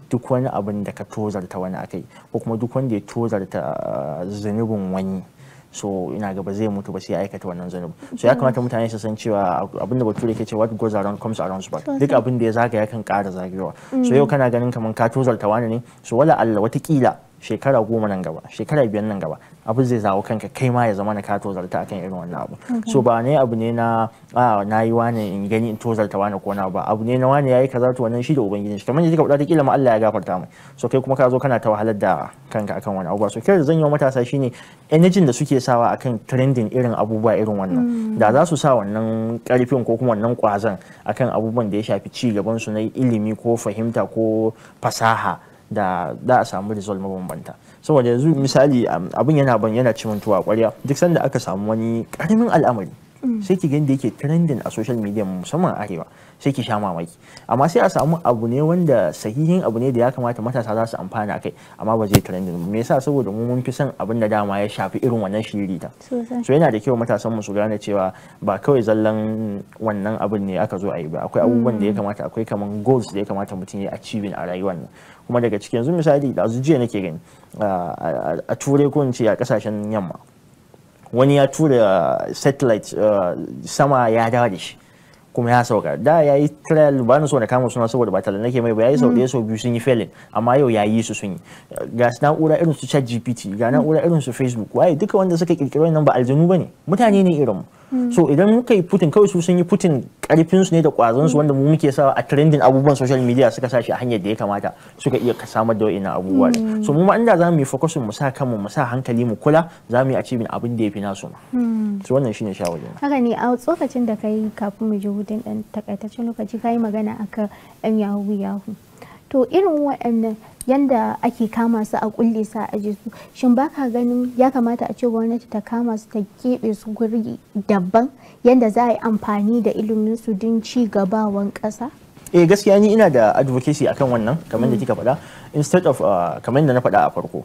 duk wani abun da ka tozarta wani akai ko kuma duk wanda ya tozarta ah, zunubin wani so ina ga ba zai mutu ba sai ya aikata wannan zanubi so ya kamata mutane su san cewa abin da bature ke ce what goes around comes around so duk abin da ya zagaya kan kara zagewa mm. so yau kana ganin kamar ka tozarta wani ne so wala Allah watakila shekara goma nan gaba shekara biyar nan gaba abin zai zawo kanka kai ma ya zama na ka tozarta akan irin wannan abu so ba ne abu ne na a na yi ne in gani in tozarta wane ko na ba abu ne na ya yayi kaza to wannan shi da ubangiji shi kamar yadda kika faɗa kila ma Allah ya gafarta mai so kai kuma ka zo kana ta wahalar da kanka akan wani abu so kai zan yi wa matasa shine energy da suke sawa akan trending irin abubuwa irin wannan mm. da za su sa wannan karfin ko kuma wannan kwazan akan abubuwan da ya shafi ci gaban su na ilimi ko fahimta ko fasaha da za a samu result mabambanta saboda yanzu misali abin yana ban yana cimin tuwa kwarya duk sanda aka samu wani karamin al'amari mm. sai ki gani da yake trending a social media musamman arewa sai ki sha mamaki amma sai a samu abu ne wanda sahihin abu ne da ya kamata matasa za su amfana kai amma ba zai trending me yasa saboda mu mun fi son abin da dama ya shafi irin wannan shiri ta so yana da kyau matasan mu su gane cewa ba kawai zallan wannan abin ne aka zo a yi ba akwai abubuwan da ya mm. kamata akwai kaman goals da ya kamata mutum ya achieve a rayuwar nan kuma daga cikin yanzu misali da jiya nake gani a ture ko a kasashen yamma wani ya tura satellite sama ya dawo da shi kuma ya sauka da ya yi trial ba na so na kama suna saboda ba talan nake mai ba ya yi sau mm. ya sau biyu sun yi failing amma yau ya yi su sun yi ga na'ura irin su chat gpt ga na'ura irin su facebook waye duka wanda suka kirkiri wannan ba aljanu ba ne mutane ne irin mu Mm. so idan muka yi putin kawai su sun yi putin karfin su ne da kwazon su mm. wanda mu muke sa a trending abubuwan social media suka sashi a hanyar da ya kamata suka iya samar da wa'annan abubuwa mm. so mu ma inda za mu yi focusin mu sa kanmu mu sa hankali mu kula za mu yi achievin abin da ya fi nasu so wannan shine shawarin haka ne a tsokacin da kai kafin mu ji hutun dan takaitaccen lokaci kai magana akan yan yahu yahu to irin waɗannan yanda ake kama su a kulle su a su shin baka ganin ya kamata a ce gwamnati ta kama su ta keɓe su guri daban yanda za a yi amfani da ilimin su don ci gabawan ƙasa eh gaskiya ni ina da advocacy akan wannan kamar da mm. kika faɗa instead of ah, kamar da na faɗa a farko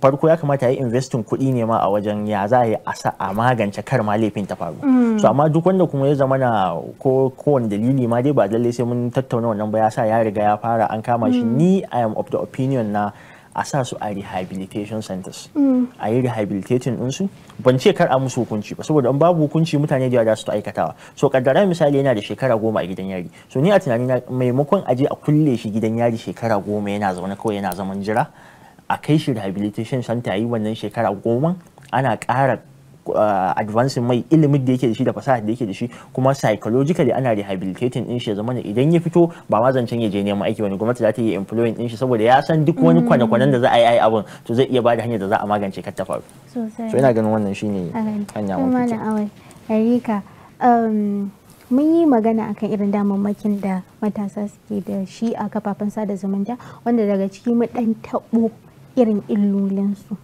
farko ya kamata ya yi investin kuɗi ne ma a wajen ya za a yi a magance kar ma laifin ta faru mm. so amma duk wanda kuma ya zama na ko kowane dalili ma dai ba lalle sai mun tattauna wannan ba ya sa ya riga ya fara an kama shi mm. ni i am of the opinion na a sa su a rehabilitation centers mm. a yi rehabilitating su ban ce kar a musu hukunci ba saboda in babu hukunci mutane da yawa su aikatawa so kaddara misali yana da shekara goma a gidan yari so ni a na maimakon aje a kulle shi gidan yari shekara goma yana zaune kawai yana zaman jira a kai shi rehabilitation center yi wannan shekara goma ana ƙara eh, advancing mai ilimin da yake da shi da fasaha da yake da shi kuma psychologically ana rehabilitating din shi ya zama idan ya fito ba ma zancen ya je neman aiki wani gwamnati za ta yi employing din shi saboda ya san duk wani mm. kwane-kwanen da za a yi ai abin to zai iya ba da hanyar da za a magance kar ta faru so ina ganin wannan shine hanya mafi um, mun yi magana akan irin damammakin da matasa suke da shi a kafafen sada zumunta wanda daga ciki mu dan taɓo irin illolinsu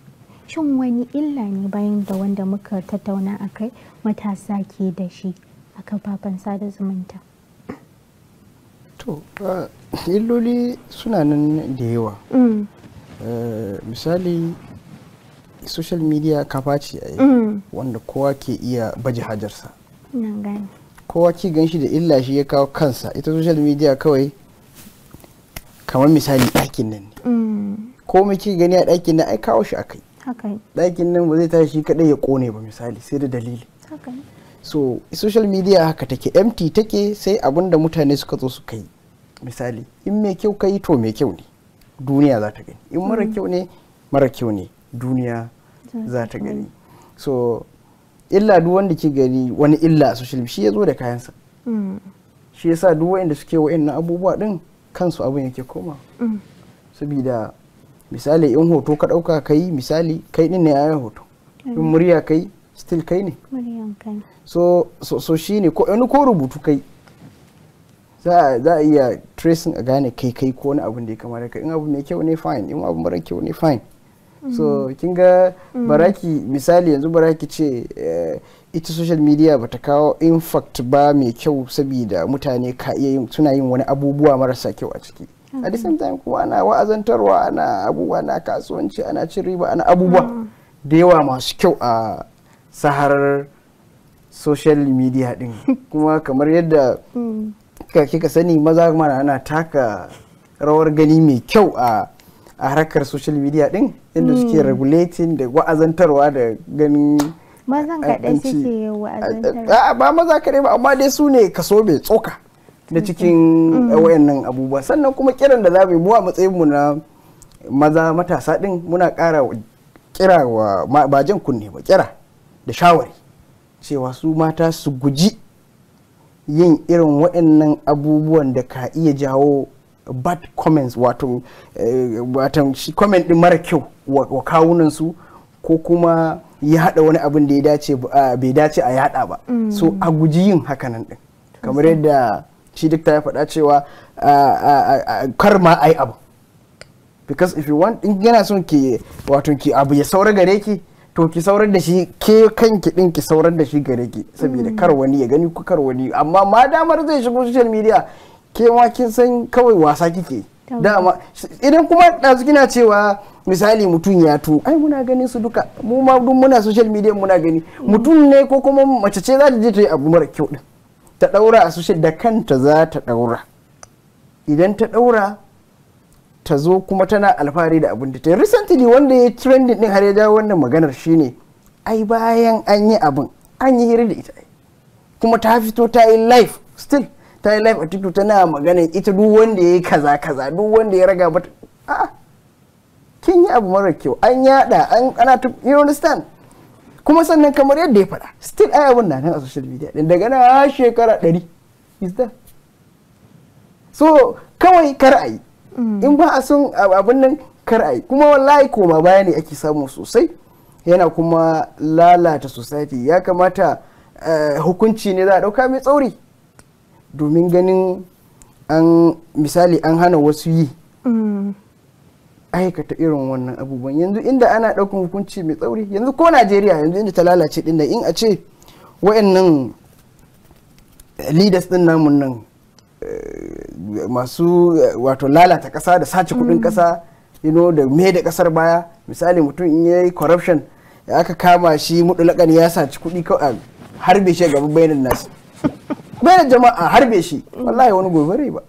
shin wani illa ne bayan da wanda muka tattauna a kai matasa ke da shi a kafafen sada zumunta to illoli suna nan da yawa mm. eh, misali social media kafa ce a mm. wanda kowa ke iya baje hajarsa kowa ki gan shi da illa shi ya kawo kansa ita social media kawai kamar misali ɗakin nan ne mm. komai ke gani a ɗakin nan ai kawo shi a kai. ɗakin nan ba zai tashi kaɗai ya kone ba misali sai da dalili so social media haka take empty take sai abin da mutane suka zo su kai misali in mai kyau ka to mai kyau ne duniya za ta gani in mara mm. kyau ne mara kyau ne duniya za ta gani so illa duk wanda ke gani wani illa a social media shi ya zo da kayansa mm. shi ya sa duk wa'inda suke wa'in abubuwa din kansu abin yake koma mm. saboda misali in hoto ka ɗauka ka yi misali kai ɗin ne a hoto in murya kai still kai ne so so, so shi ne ko wani ko rubutu kai za a iya tracing a gane kai kai ko wani abin da ya kamata kai in abu mai kyau ne fine in abu mara kyau ne fine so mm-hmm. kin ga mm-hmm. baraki misali yanzu baraki ce eh, ita social media ba ta kawo infact ba mai kyau saboda mutane ka iya yin suna yin wani abubuwa marasa kyau a ciki a the same time kuma ana wa'azantarwa ana abubuwa na kasuwanci ana cin riba ana abubuwa mm. da yawa masu kyau a saharar social media din kuma kamar yadda mm. kika sani maza mana ana taka rawar gani mai kyau a a harkar social media din inda suke mm. regulating da wa'azantarwa da ganin mazan kaɗai suke wa'azantarwa ba maza kaɗai ba amma dai su ne kaso mai tsoka na cikin eh, wayannan abubuwa sannan kuma kiran da za mu yi a matsayin mu na maza matasa din muna kara kira wa ba jan kunne ba kira da shawari cewa su mata su guji yin irin wayannan abubuwan da ka iya jawo bad comments wato eh, shi comment din mara kyau wa kawunan su ko kuma ya hada wani abin da ya dace ah, bai dace a yada ba mm. so a guji yin hakanan din kamar yadda shi duk ta ya faɗa cewa kar ma ai abu because if you want in yana son ki wato ki abu ya saura gare ki to ki saurar da shi ke kanki din ki saurar da shi gare ki saboda kar wani ya gani ku kar wani amma ma damar zai shigo social media ke ma kin san kawai wasa kike dama idan kuma ɗazu kina cewa misali mutum ya tu ai muna ganin su duka mu ma duk muna social media muna gani mutum ne ko kuma mace ce za ta je ta yi abu mara kyau din ta ɗaura a sushe da kanta za ta ɗaura idan ta ɗaura ta zo kuma tana alfahari da abin da ta recently wanda ya trending din har ya jawo wannan maganar shine ai bayan an yi abin an yi hira da ita kuma ta fito ta yi life still ta yi life a tiktok tana maganar ita duk wanda ya yi kaza kaza duk wanda ya raga mata a kin yi abu mara kyau an yada an ana you understand kuma sannan kamar yadda ya faɗa still ai abin na nan a social media din daga na shekara 100 is that so kawai kar a yi mm. in ba a son abin nan kar a kuma wallahi koma baya ne ake samu sosai yana kuma lalata society ya kamata eh, hukunci ne za a ɗauka mai tsauri domin ganin an misali an hana wasu yi mm. aikata irin wannan abubuwan yanzu inda ana ɗaukar hukunci mai tsauri yanzu ko najeriya yanzu inda ta lalace ɗin in a ce wa'annan leaders ɗin namun nan eh, masu eh, wato lalata ƙasa da sace kuɗin mm. ƙasa da me da ƙasar baya misali mutum in yayi corruption ya aka kama shi mutulakan ya sace kuɗi kawai harbe shi gaban bayanin nasu bayanin jama'a harbe shi mm. wallahi wani gobe ba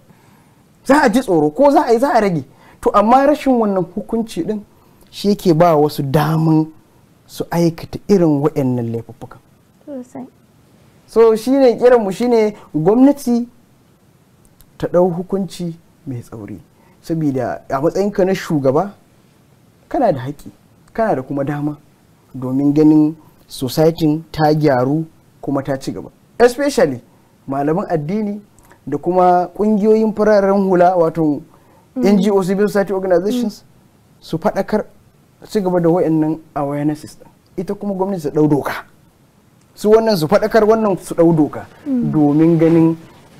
za a ji tsoro ko za a yi za a rage to amma rashin wannan hukunci din shi yake ba wasu daman su aikata irin waɗannan laifuffuka so shi ne kiranmu ne gwamnati ta ɗau hukunci mai tsauri saboda a matsayinka na shugaba kana da haƙƙi kana da kuma dama domin ganin societin ta gyaru kuma ta ci gaba especially malaman addini da kuma ƙungiyoyin fararen hula wato Mm-hmm. ngo civil society organizations mm. su faɗakar su gaba da wayannan awarenesses ita kuma gwamnati ta ɗau doka su wannan su faɗakar wannan su ɗau doka mm. domin ganin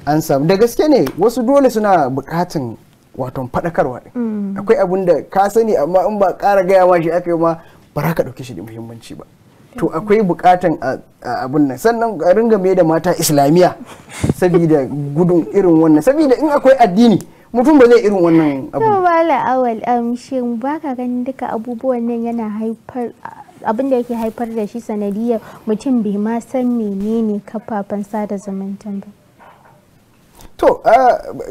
an samu da gaske ne wasu dole suna buƙatan wato faɗakarwa ɗin mm. akwai abin da ka sani amma in ba ƙara gaya ma shi aka ma ba za ka ɗauke shi da muhimmanci ba to akwai buƙatan abin nan sannan ringa mai da mata islamiyya saboda gudun irin wannan saboda in akwai addini mutum ba zai irin wannan abu ba la awal um, ba baka ganin duka abubuwan nan yana haifar abin da yake haifar da shi sanadiyar mutum bai ma san menene kafafen sada zumunta ba to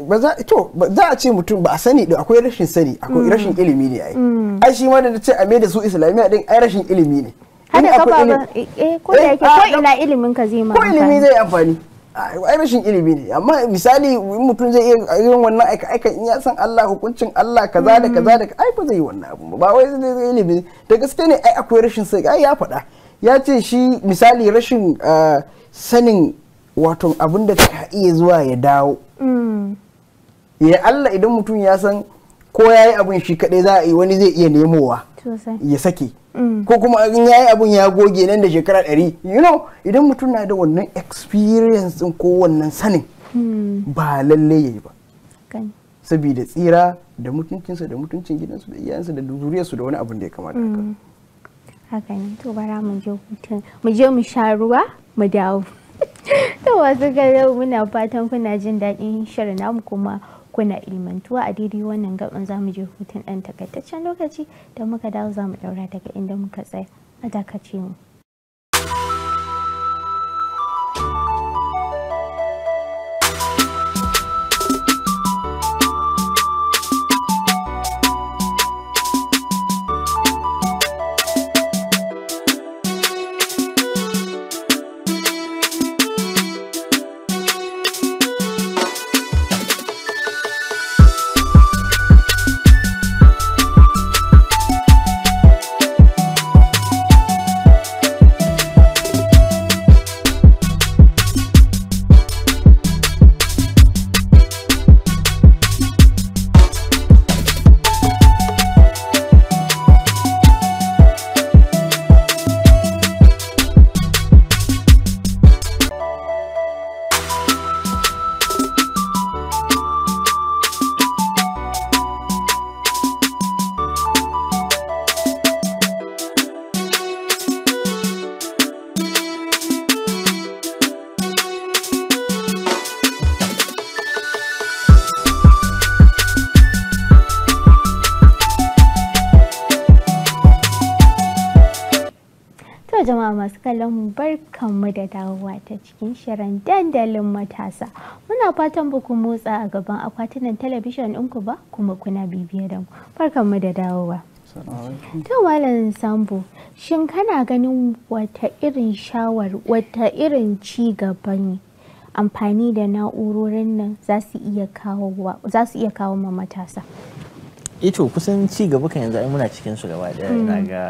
ba za to za a ce mutum ba a sani da akwai rashin sani akwai mm. rashin ilimi ne ai mm. ai shi ma da ce a da su islamiya din ai rashin ilimi ne hada kafafen eh ko da eh, yake ko ina ilimin ka zai ma ko ilimi zai amfani ai rashin ilimi ne amma misali mutum zai iya yin wannan aika aika in ya san Allah hukuncin Allah kaza da kaza da ai ba zai yi wannan abu ba wai zai zai ilimi da gaske ne ai akwai rashin sai ai ya faɗa ya ce shi misali rashin ah, sanin wato abin da ka iya zuwa ya dawo mm. ya Allah idan mutum ya san ko ya yi abin shi kaɗai za a yi wani zai iya nemowa ya sake mm. ko kuma in ya yi abin ya goge nan da shekara ɗari you know idan mutum na da wannan experience ko wannan sanin mm. ba lalle ya yi ba saboda tsira da mutuncinsa da mutuncin gidansu da iyayensu da zuriyarsu da wani abin da ya kamata mm. haka ne to bara mu je mu je mu sha ruwa mu dawo to wasu kallon muna fatan kuna jin daɗin shirin namu kuma kuna ilmantuwa a daidai wannan gaban za mu je hutun ɗan takaitaccen lokaci da muka dawo za mu ɗaura daga inda muka tsaya a dakace mu masu mu da dawowa ta cikin shirin dandalin matasa. Muna fatan ba ku motsa a gaban akwatunan talabijin ɗinku ba kuma kuna bibiya da mu. Barkanmu da dawowa. ta walan Sambo, shin kana ganin wata irin shawar wata irin ci gaba ne amfani da na'urorin nan za su iya kawo ma matasa? ito eh kusan ci gaba kan yanzu ai muna cikin su gaba da ina mm. ga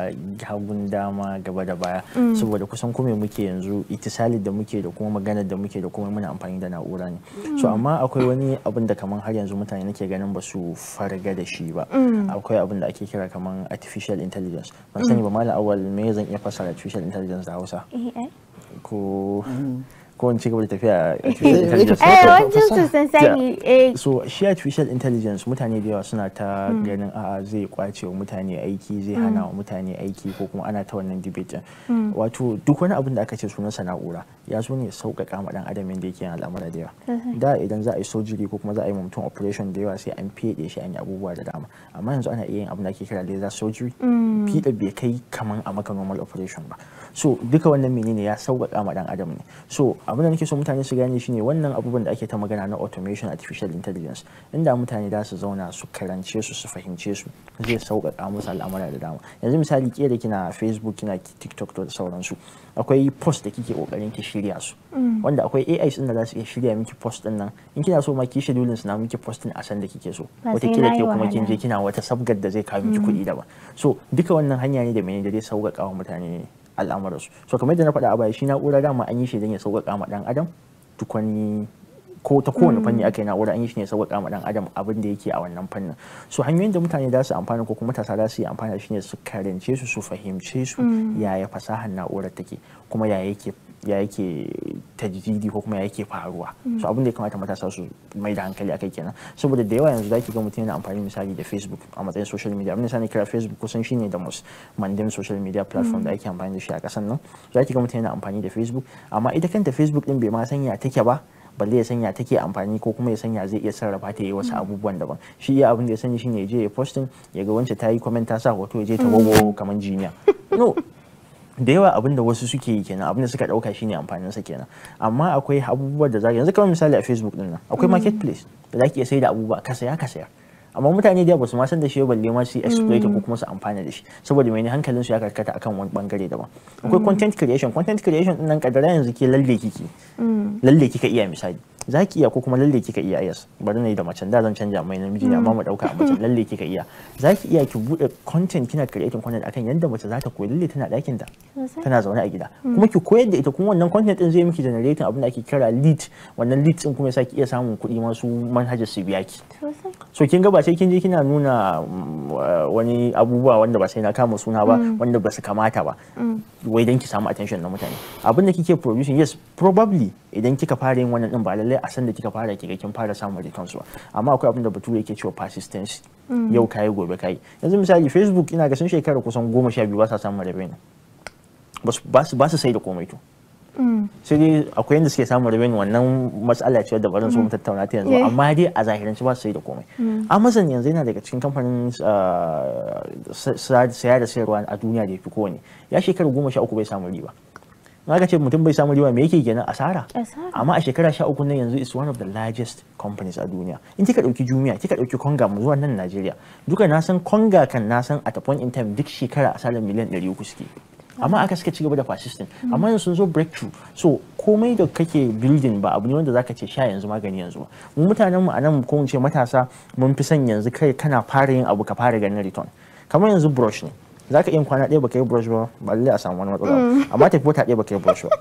hagun dama gaba da baya mm. saboda kusan kome muke yanzu itisali da muke da kuma magana da muke da kuma muna amfani da na'ura ne so mm. amma akwai wani abin da kamar har yanzu mutane nake ganin ba su farga da shi ba akwai abin da ake kira kamar artificial intelligence ban sani ba malam awal me zan iya fasara artificial intelligence da Hausa ko ko in ci gaba da tafiya a eh, intelligence eh wancan su sani eh so shi artificial intelligence mutane da yawa suna ta hmm. ganin a'a zai kwace wa mutane aiki zai hmm. hana wa mutane aiki ko kuma ana ta wannan debate hmm. wato duk wani abin da aka ce sunan sana'ura ya zo ne sauƙaƙa ma dan adam yake yin al'amura da yawa da idan za a yi surgery ko kuma za a yi mutum operation da yawa sai an fede shi an yi abubuwa da dama amma yanzu ana iya yin abin da ake kira laser surgery fiɗa bai kai kaman a maka normal operation ba so duka wannan menene ya sauƙaƙa ma dan adam ne so abin da nake so mutane su gane shine wannan abubuwan da ake ta magana na automation artificial intelligence inda mutane da su zauna su karance su su fahimce su zai sauƙaƙa musu al'amura da dama yanzu misali ke da kina facebook kina tiktok da sauransu akwai post da kike kokarin ki shirya su mm. wanda akwai ai din da za su iya shirya miki post din nan in kina so ma ki schedule su na miki post din a san da kike so wata kila ke kuma kin je kina wata sabgar da zai kawo miki mm. kuɗi daban so duka wannan hanya ne da menene da zai sauƙaƙa wa mutane al'amuransu so kamar yadda na faɗa a baya shi na'ura dama an yi shi don ya sauƙaƙa ma ɗan adam tukwani ko ta kowane mm. fanni aka yi na'ura an yi shi ne sauƙaƙa ma ɗan adam abin da yake a wannan fannin so hanyoyin da mutane za su amfana ko kuma matasa za su yi amfana shi ne su karance su su fahimce su mm. yaya fasahar na'urar take kuma yaya yake ya yake tajridi ko kuma ya yake faruwa so abin da ya kamata matasa su mai da hankali akai kenan saboda da yawa yanzu zaki ga mutum yana amfani misali da facebook a matsayin social media abin da sani kira facebook kusan shine da most mandem social media platform da ake amfani da shi a kasan nan zaki ga mutum yana amfani da facebook amma ita kanta facebook din bai ma ya take ba balle ya sanya take amfani ko kuma ya sanya zai iya sarrafa ta yi wasu abubuwan daban shi iya abin da ya sani shine ya je ya posting ya ga wancan ta yi comment ta sa hoto ya je ta gogo kamar jiniya no da yawa abin da wasu suke yi kenan abin da suka dauka shine amfanin sa kenan amma akwai abubuwa da za yanzu kamar misali a Facebook din nan akwai mm. marketplace da zaki iya sai da abubuwa ka saya ka sayar amma mutane da ba su ma san da shi balle ma su exploit ko mm. kuma su amfana da shi saboda mai hankalin su ya karkata akan wani bangare daban akwai mm. content creation content creation din nan kadara yanzu ke lalle kiki mm. lalle kika iya misali za ki iya ko kuma lalle kika iya yes bari ne da macen da zan canja mai namiji ne amma mu dauka a mace lalle kika iya za ki iya ki bude content kina creating content akan yanda mace za ta koyi lalle tana dakin ta tana zaune a gida kuma ki koyar da ita kuma wannan content din zai miki generating abin da ake kira lead wannan lead din kuma yasa ki iya samun kuɗi masu manhajar su biya ki so kin ga ba sai kin je kina nuna mm, wani abubuwa wanda ba sai na kama suna ba mm. wanda ba su kamata ba mm. wai dan ki samu attention na mutane abin da kike producing yes probably idan kika fara yin wannan din ba lallai a san da kika fara kika kin fara samun returns ba amma akwai abin da batu yake cewa persistence yau kayi gobe kayi yanzu misali facebook ina ga sun shekara kusan goma sha biyu ba sa samun revenue ba su sai da komai to Mm. sai dai akwai yadda suke samun rabin wannan matsala ce da barin su mu mm. tattauna ta yanzu amma dai a zahiranci ba su yi da komai mm. amazon yanzu yana daga cikin kamfanin ah, saya da sayarwa a duniya da ya fi kowane ya shekara goma sha uku bai samu riba aka ce mutum bai samu riba me yake gina asara amma a shekara sha uku nan yanzu is one of the largest companies a duniya in kika dauki jumiya kika dauki konga mu zuwa nan Najeriya duka nasan konga kan na san at a point in time duk shekara asarar miliyan 300 suke amma aka suka ci gaba da din amma yanzu sun zo breakthrough so komai da kake building ba abu ne wanda zaka ce sha yanzu magani yanzu ba mu mutanen mu anan ko mu ce matasa mun fi son yanzu kai kana fara yin abu ka fara ganin return kamar yanzu brush ne zaka iya kwana ɗaya baka yi brush ba ba lallai a samu wani matsala mm. amma tafi wata ɗaya baka yi brush ba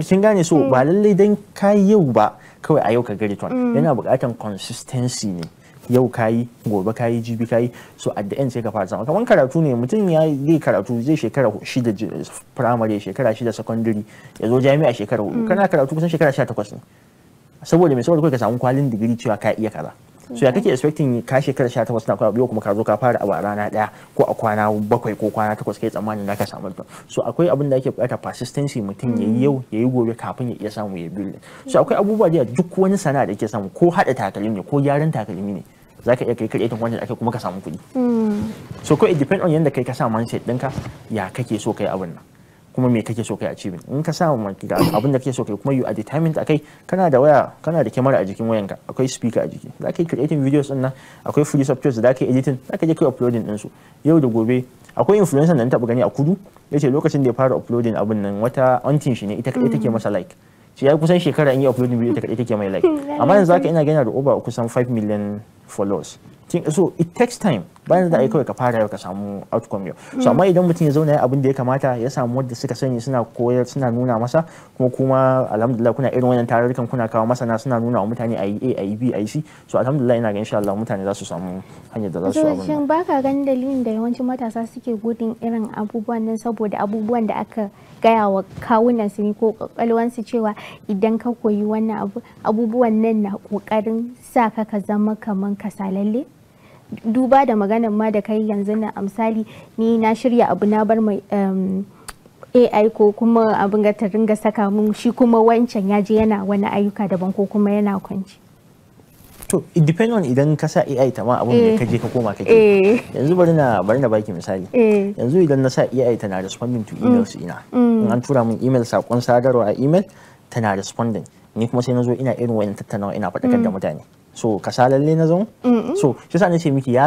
kin gane so ba mm. lallai dan ka yau ba kawai a yau ka ga return mm. yana buƙatar consistency ne yau kayi gobe kayi jibi kayi so at the end sai ka fara zama kamar karatu ne mutum ya yi karatu zai shekara shida primary shekara shida secondary ya zo jami'a shekara hudu mm. kana karatu kusan shekara sha takwas ne saboda mai saboda kawai ka samu kwalin digiri cewa ka iya kaza so ya kake expecting ka shekara sha takwas na kwana biyu kuma ka zo ka fara a rana daya ko a kwana bakwai ko kwana takwas kai tsammanin da ka samu ba so akwai abin da ake bukata persistency mutum ya yi mm. yau ya yi gobe kafin ya iya samu ya build so akwai abubuwa da duk wani sana'a da ke samu ko hada takalmi ne ko gyaran takalmi ne za ka iya kai creating wannan ake kuma ka samu kuɗi hmm. so ko it depend on yanda kai ka sa mindset ɗinka ya kake so kai abin nan kuma me kake so kai achieving in ka sa samu abin da kake so kai kuma you are determined akai kana da waya kana da kyamara a jikin wayanka akwai speaker a jiki za ka yi creating videos din nan akwai free software da za ka yi editing za ka je kai uploading din su yau da gobe akwai influencer da na taɓa gani a kudu ya ce lokacin da ya fara uploading abin nan wata antin shi ne ita kaɗai take hmm. masa like shi ya kusan shekara in yi uploading video ita kaɗai take mai like amma yanzu ka ina gana da over kusan 5 million follows. So it takes time bayan da ai mm-hmm. kawai ka fara yau ka samu outcome yau so amma idan mutum ya zauna ya abin da ya kamata ya samu wanda suka sani suna koyar suna nuna masa kuma kuma alhamdulillah kuna irin wannan tarurrukan kuna kawo masana suna nuna wa mutane a yi a a b a yi c so alhamdulillah ina ga insha Allah mutane za su samu hanyar da za su abin shin baka ganin dalilin da yawancin matasa suke gudun irin abubuwan nan saboda abubuwan da aka gaya wa kawunan su ne ko kwakwalwansu cewa idan ka koyi wannan abubuwan nan na kokarin sa ka ka zama kaman kasalalle duba da maganan ma da kai yanzu na a misali ni na shirya abu na bar mai AI ko kuma abin ga ta ringa saka mun shi kuma wancan ya je yana wani ayyuka daban ko kuma yana kwanci. To, it depend on idan ka sa AI ta ma abin da eh. ka je ka koma kake. Eh. Yanzu bari na bari na baki misali. Eh. Yanzu idan na sa AI tana responding to emails mm. ina. Mm. In an tura mun email sakon sadarwa a email tana responding. Ni kuma sai na zo ina irin wayan tattaunawa ina faɗakar da mm. mutane. so kasa lalle na zon so shi sa nace miki ya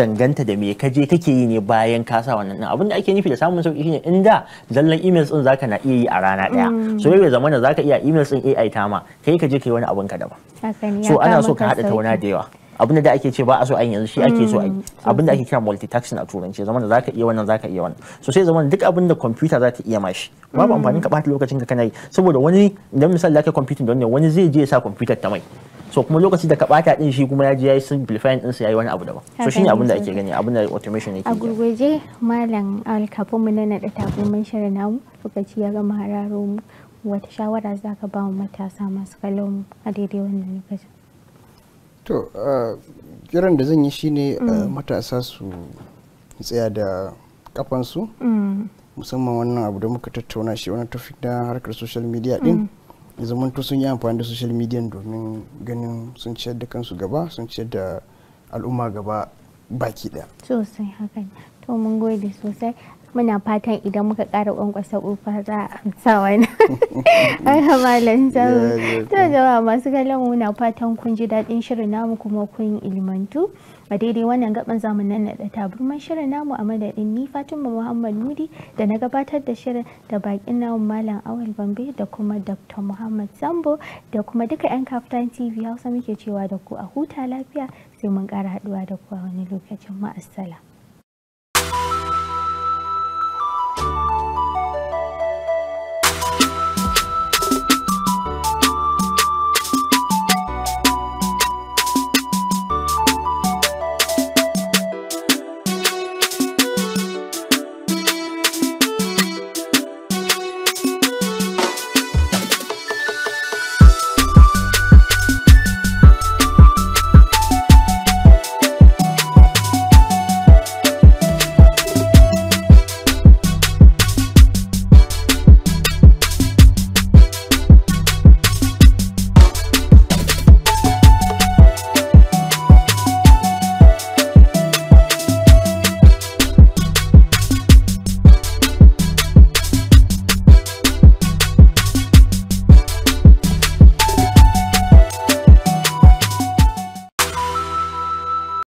danganta da me kaje kake yi ne bayan ka sa wannan din abin ake nufi da samun sauki shine da zallan emails din zaka na iya yi a rana daya mm. so yau zama na zaka iya emails din AI tama kai kaje kai wani abun ka daban so ana so ka hada tauna da yawa abin da ake ce ba a so a yi yanzu shi ake so a yi mm, abin da ake kira multitasking a turanci zaman da zaka iya wannan zaka iya wannan so sai zaman duk abin da computer za ta iya mashi babu mm. amfani ka bata lokacin ka kana yi saboda wani idan misali zaka computing don ne wani zai je ya sa computer ta mai so kuma lokacin da ka bata din shi kuma ya je ya yi simplifying din sa yayi wani abu daban so shine abin da ake gani abin da automation yake a gurgurje malam alkafin mu na nada takumin mu namu lokaci ya gama hararo mu wata shawara zaka ba mu matasa masu kallon a daidai wannan lokacin to kiran da zan yi shine mm. matasa su tsaya da kafansu mm. musamman wannan abu da muka tattauna shi wani tafi na harkar social media din mm. ya to sun yi amfani da social media domin ganin sun ciyar da kansu gaba sun ciyar da al'umma gaba baki daya sosai hakan to mun gode sosai muna fatan idan muka ƙara ƙwanƙwasa ƙofa za a amsa wani ai malam samu to jama'a masu kallon muna fatan kun ji daɗin shirin namu kuma kun ilmantu a daidai wannan gaban zamanin nan da taburman shirin namu a madadin ni Fatima Muhammad Nudi da na gabatar da shirin da bakin namu Malam Awal Bambe da kuma Dr. Muhammad Zambo da kuma duka 'yan Kaftan TV Hausa muke cewa da ku a huta lafiya sai mun ƙara haɗuwa da ku a wani lokacin ma'asala.